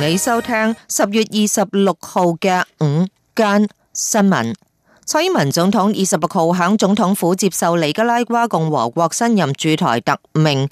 你收聽十月二十六號嘅午間新聞。蔡英文總統二十六號喺總統府接受尼加拉瓜共和國新任駐台特命。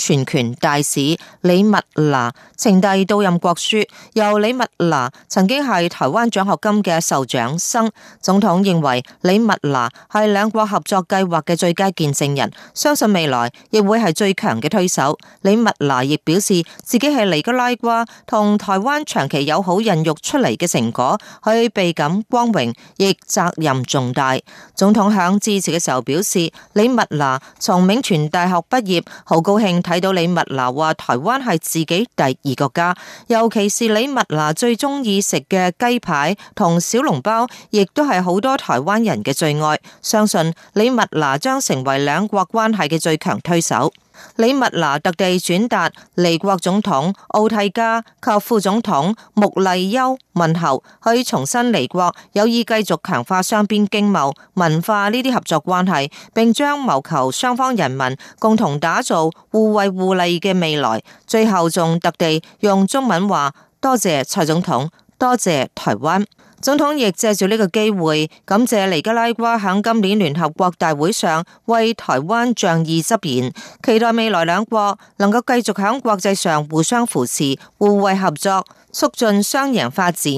全權大使李蜜娜呈遞到任國書，由李蜜娜曾經係台灣獎學金嘅受獎生。總統認為李蜜娜係兩國合作計劃嘅最佳見證人，相信未來亦會係最強嘅推手。李蜜娜亦表示自己係尼加拉瓜同台灣長期友好孕育出嚟嘅成果，佢倍感光榮，亦責任重大。總統響致辭嘅時候表示，李蜜娜從銘傳大學畢業，好高興。睇到李蜜娜話台灣係自己第二個國家，尤其是李蜜娜最鍾意食嘅雞排同小籠包，亦都係好多台灣人嘅最愛。相信李蜜娜將成為兩國關係嘅最強推手。李蜜娜特地轉達尼國總統奧蒂加及副總統穆麗優問候，去重新尼國，有意繼續強化雙邊經貿、文化呢啲合作關係，並將謀求雙方人民共同打造互惠互利嘅未來。最後仲特地用中文話多謝蔡總統，多謝台灣。總統亦借住呢個機會感謝尼加拉瓜喺今年聯合國大會上為台灣仗義執言，期待未來兩國能夠繼續喺國際上互相扶持、互惠合作，促進雙贏發展。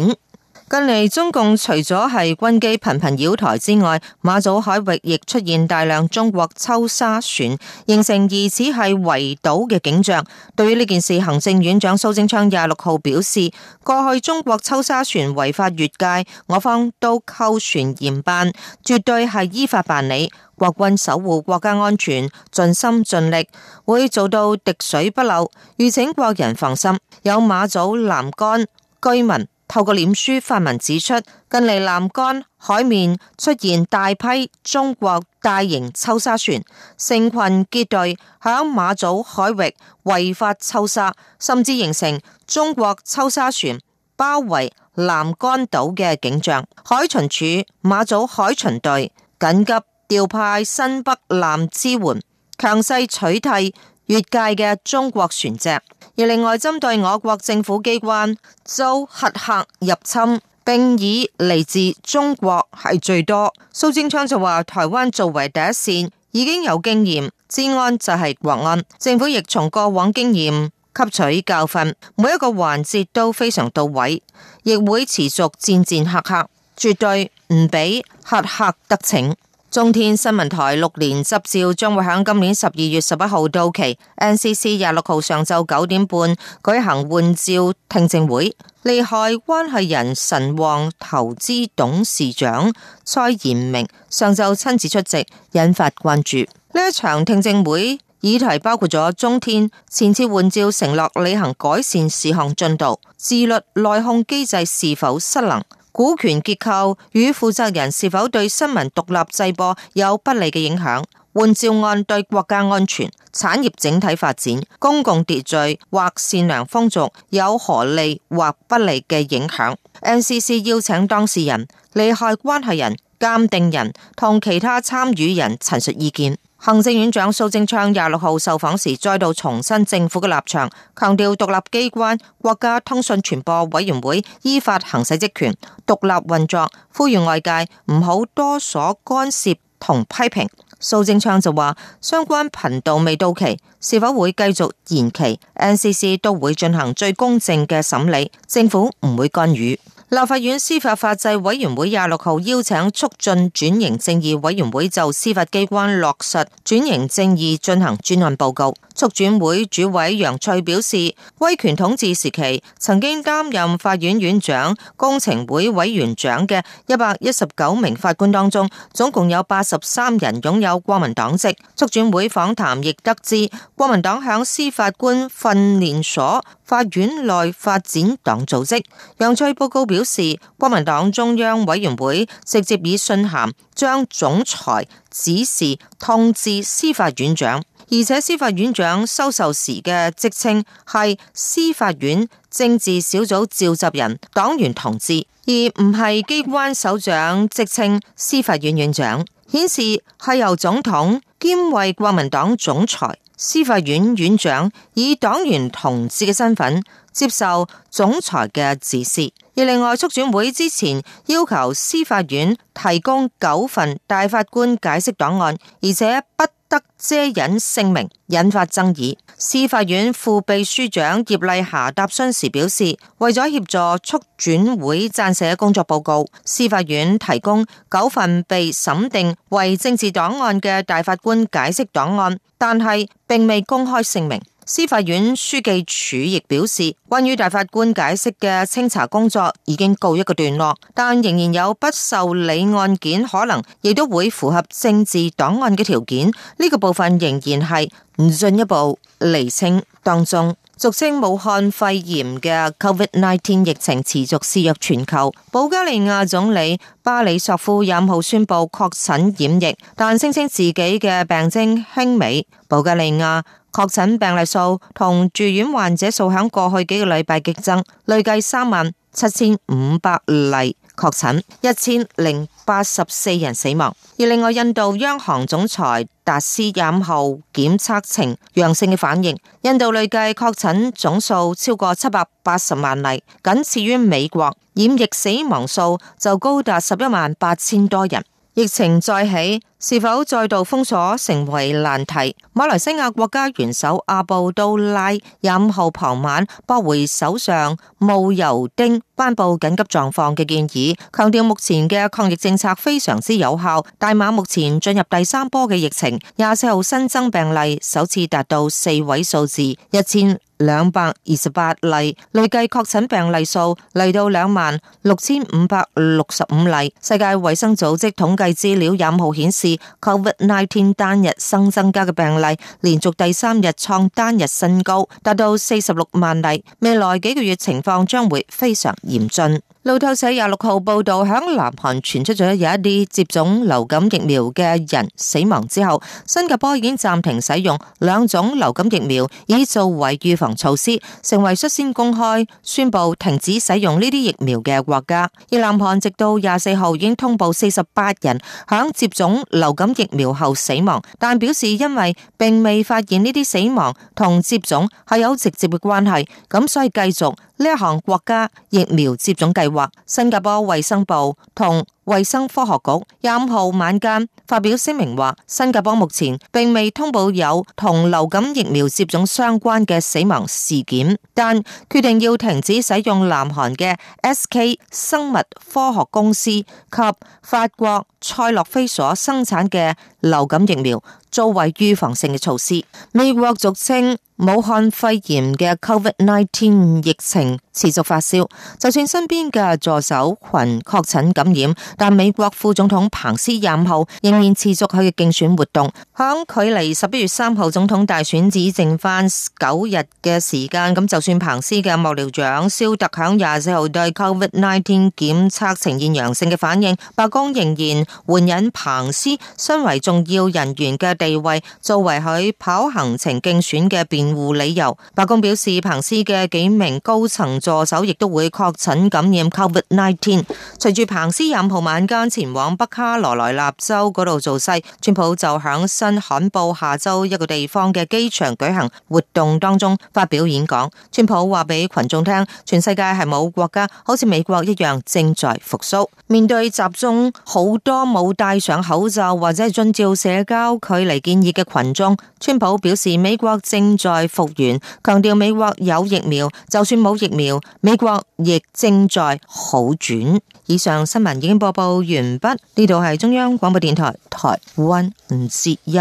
近嚟中共除咗係軍機頻頻擾台之外，馬祖海域亦出現大量中國抽沙船，形成疑似係圍島嘅景象。對於呢件事，行政院長蘇貞昌廿六號表示：過去中國抽沙船違法越界，我方都扣船嚴辦，絕對係依法辦理。國軍守護國家安全，盡心盡力，會做到滴水不漏，籲請國人放心。有馬祖南竿居民。透過臉書發文指出，近嚟南竿海面出現大批中國大型抽沙船，成群結隊響馬祖海域違法抽沙，甚至形成中國抽沙船包圍南竿島嘅景象。海巡署馬祖海巡隊緊急調派新北艦支援，強勢取締。越界嘅中國船隻，而另外針對我國政府機關遭黑客入侵，並以嚟自中國係最多。蘇貞昌就話：台灣作為第一線，已經有經驗，治安就係國安，政府亦從過往經驗吸取教訓，每一個環節都非常到位，亦會持續戰戰兢兢，絕對唔俾黑客得逞。中天新聞台六年執照將會喺今年十二月十一號到期，NCC 廿六號上晝九點半舉行換照聽證會，利害關係人神旺投資董事長蔡衍明上晝親自出席，引發關注。呢一場聽證會議題包括咗中天前次換照承諾履行改善事項進度、自律內控機制是否失能。股權結構與負責人是否對新聞獨立製播有不利嘅影響？換照案對國家安全、產業整體發展、公共秩序或善良風俗有何利或不利嘅影響？NCC 邀請當事人、利害關係人。鑑定人同其他參與人陳述意見。行政院長蘇貞昌廿六號受訪時再度重申政府嘅立場，強調獨立機關國家通訊傳播委員會依法行使職權、獨立運作，呼籲外界唔好多所干涉同批評。蘇貞昌就話：相關頻道未到期，是否會繼續延期？NCC 都會進行最公正嘅審理，政府唔會干預。立法院司法法制委員會廿六號邀請促進轉型正義委員會就司法機關落實轉型正義進行專案報告。促轉會主委楊翠表示，威權統治時期曾經擔任法院院長、工程會委員長嘅一百一十九名法官當中，總共有八十三人擁有國民黨籍。促轉會訪談亦得知，國民黨響司法官訓練所，法院內發展黨組織，楊翠報告表示，國民黨中央委員會直接以信函將總裁指示通知司法院長，而且司法院長收受時嘅職稱係司法院政治小組召集人黨員同志，而唔係機關首長職稱司法院院長，顯示係由總統。兼為國民黨總裁、司法院院長，以黨員同志嘅身份接受總裁嘅指示。而另外，促轉會之前要求司法院提供九份大法官解釋檔案，而且不得。得遮隱姓名，引發爭議。司法院副秘書長葉麗霞答詢時表示，為咗協助促轉會撰寫工作報告，司法院提供九份被審定為政治檔案嘅大法官解釋檔案，但係並未公開姓名。司法院書記處亦表示，關於大法官解釋嘅清查工作已經告一個段落，但仍然有不受理案件，可能亦都會符合政治檔案嘅條件。呢個部分仍然係唔進一步厘清當中。俗稱武漢肺炎嘅 COVID-19 疫情持續肆虐全球，保加利亞總理巴里索夫廿號宣布確診染疫，但聲稱自己嘅病徵輕微。保加利亞確診病例數同住院患者數響過去幾個禮拜激增，累計三萬七千五百例確診，一千零八十四人死亡。而另外，印度央行總裁達斯染後檢測呈陽性嘅反應，印度累計確診總數超過七百八十萬例，僅次於美國，染疫死亡數就高達十一萬八千多人。疫情再起，是否再度封鎖成為難題？馬來西亞國家元首阿布都拉廿五號傍晚駁回首相慕尤丁頒布緊急狀況嘅建議，強調目前嘅抗疫政策非常之有效。大馬目前進入第三波嘅疫情，廿四號新增病例首次達到四位數字，一千，兩百二十八例，累計確診病例數嚟到兩萬六千五百六十五例。世界衛生組織統計資料廿五號顯示，COVID-19 單日新增加嘅病例連續第三日創單日新高，達到四十六萬例。未來幾個月情況將會非常嚴峻。路透社廿六號報道，喺南韓傳出咗有一啲接種流感疫苗嘅人死亡之後，新加坡已經暫停使用兩種流感疫苗以作為預防措施，成為率先公開宣布停止使用呢啲疫苗嘅國家。而南韓直到24號已經通報48人喺接種流感疫苗後死亡，但表示因為並未發現呢啲死亡同接種係有直接嘅關係，噉所以繼續呢一項國家疫苗接種計劃，新加坡衛生部同衛生科學局廿五號晚間發表聲明話，新加坡目前並未通報有同流感疫苗接種相關嘅死亡事件，但決定要停止使用南韓嘅 SK 生物科學公司及法國賽諾菲所生產嘅流感疫苗，作為預防性嘅措施。美國俗稱武漢肺炎嘅 COVID-19 疫情。持續發燒，就算身邊嘅助手群確診感染，但美國副總統彭斯廿五號仍然持續佢嘅競選活動。響距離十一月三號總統大選只剩返九日嘅時間，咁就算彭斯嘅幕僚長肖特響廿四號對 Covid nineteen 檢測呈現陽性嘅反應，白宮仍然援引彭斯身為重要人員嘅地位，作為佢跑行程競選嘅辯護理由。白宮表示，彭斯嘅幾名高層。助手亦都會確診感染 COVID-19。隨住彭斯廿號晚間前往北卡羅來納州嗰度做勢，川普就響新罕布夏州一個地方嘅機場舉行活動當中發表演講。川普話俾群眾聽，全世界係冇國家好似美國一樣正在復蘇。面對集中好多冇戴上口罩或者係遵照社交距離建議嘅群眾，川普表示美國正在復原，強調美國有疫苗，就算冇疫苗。美國亦正在好轉。以上新聞已經播報完畢。呢度係中央廣播電台，台灣之音。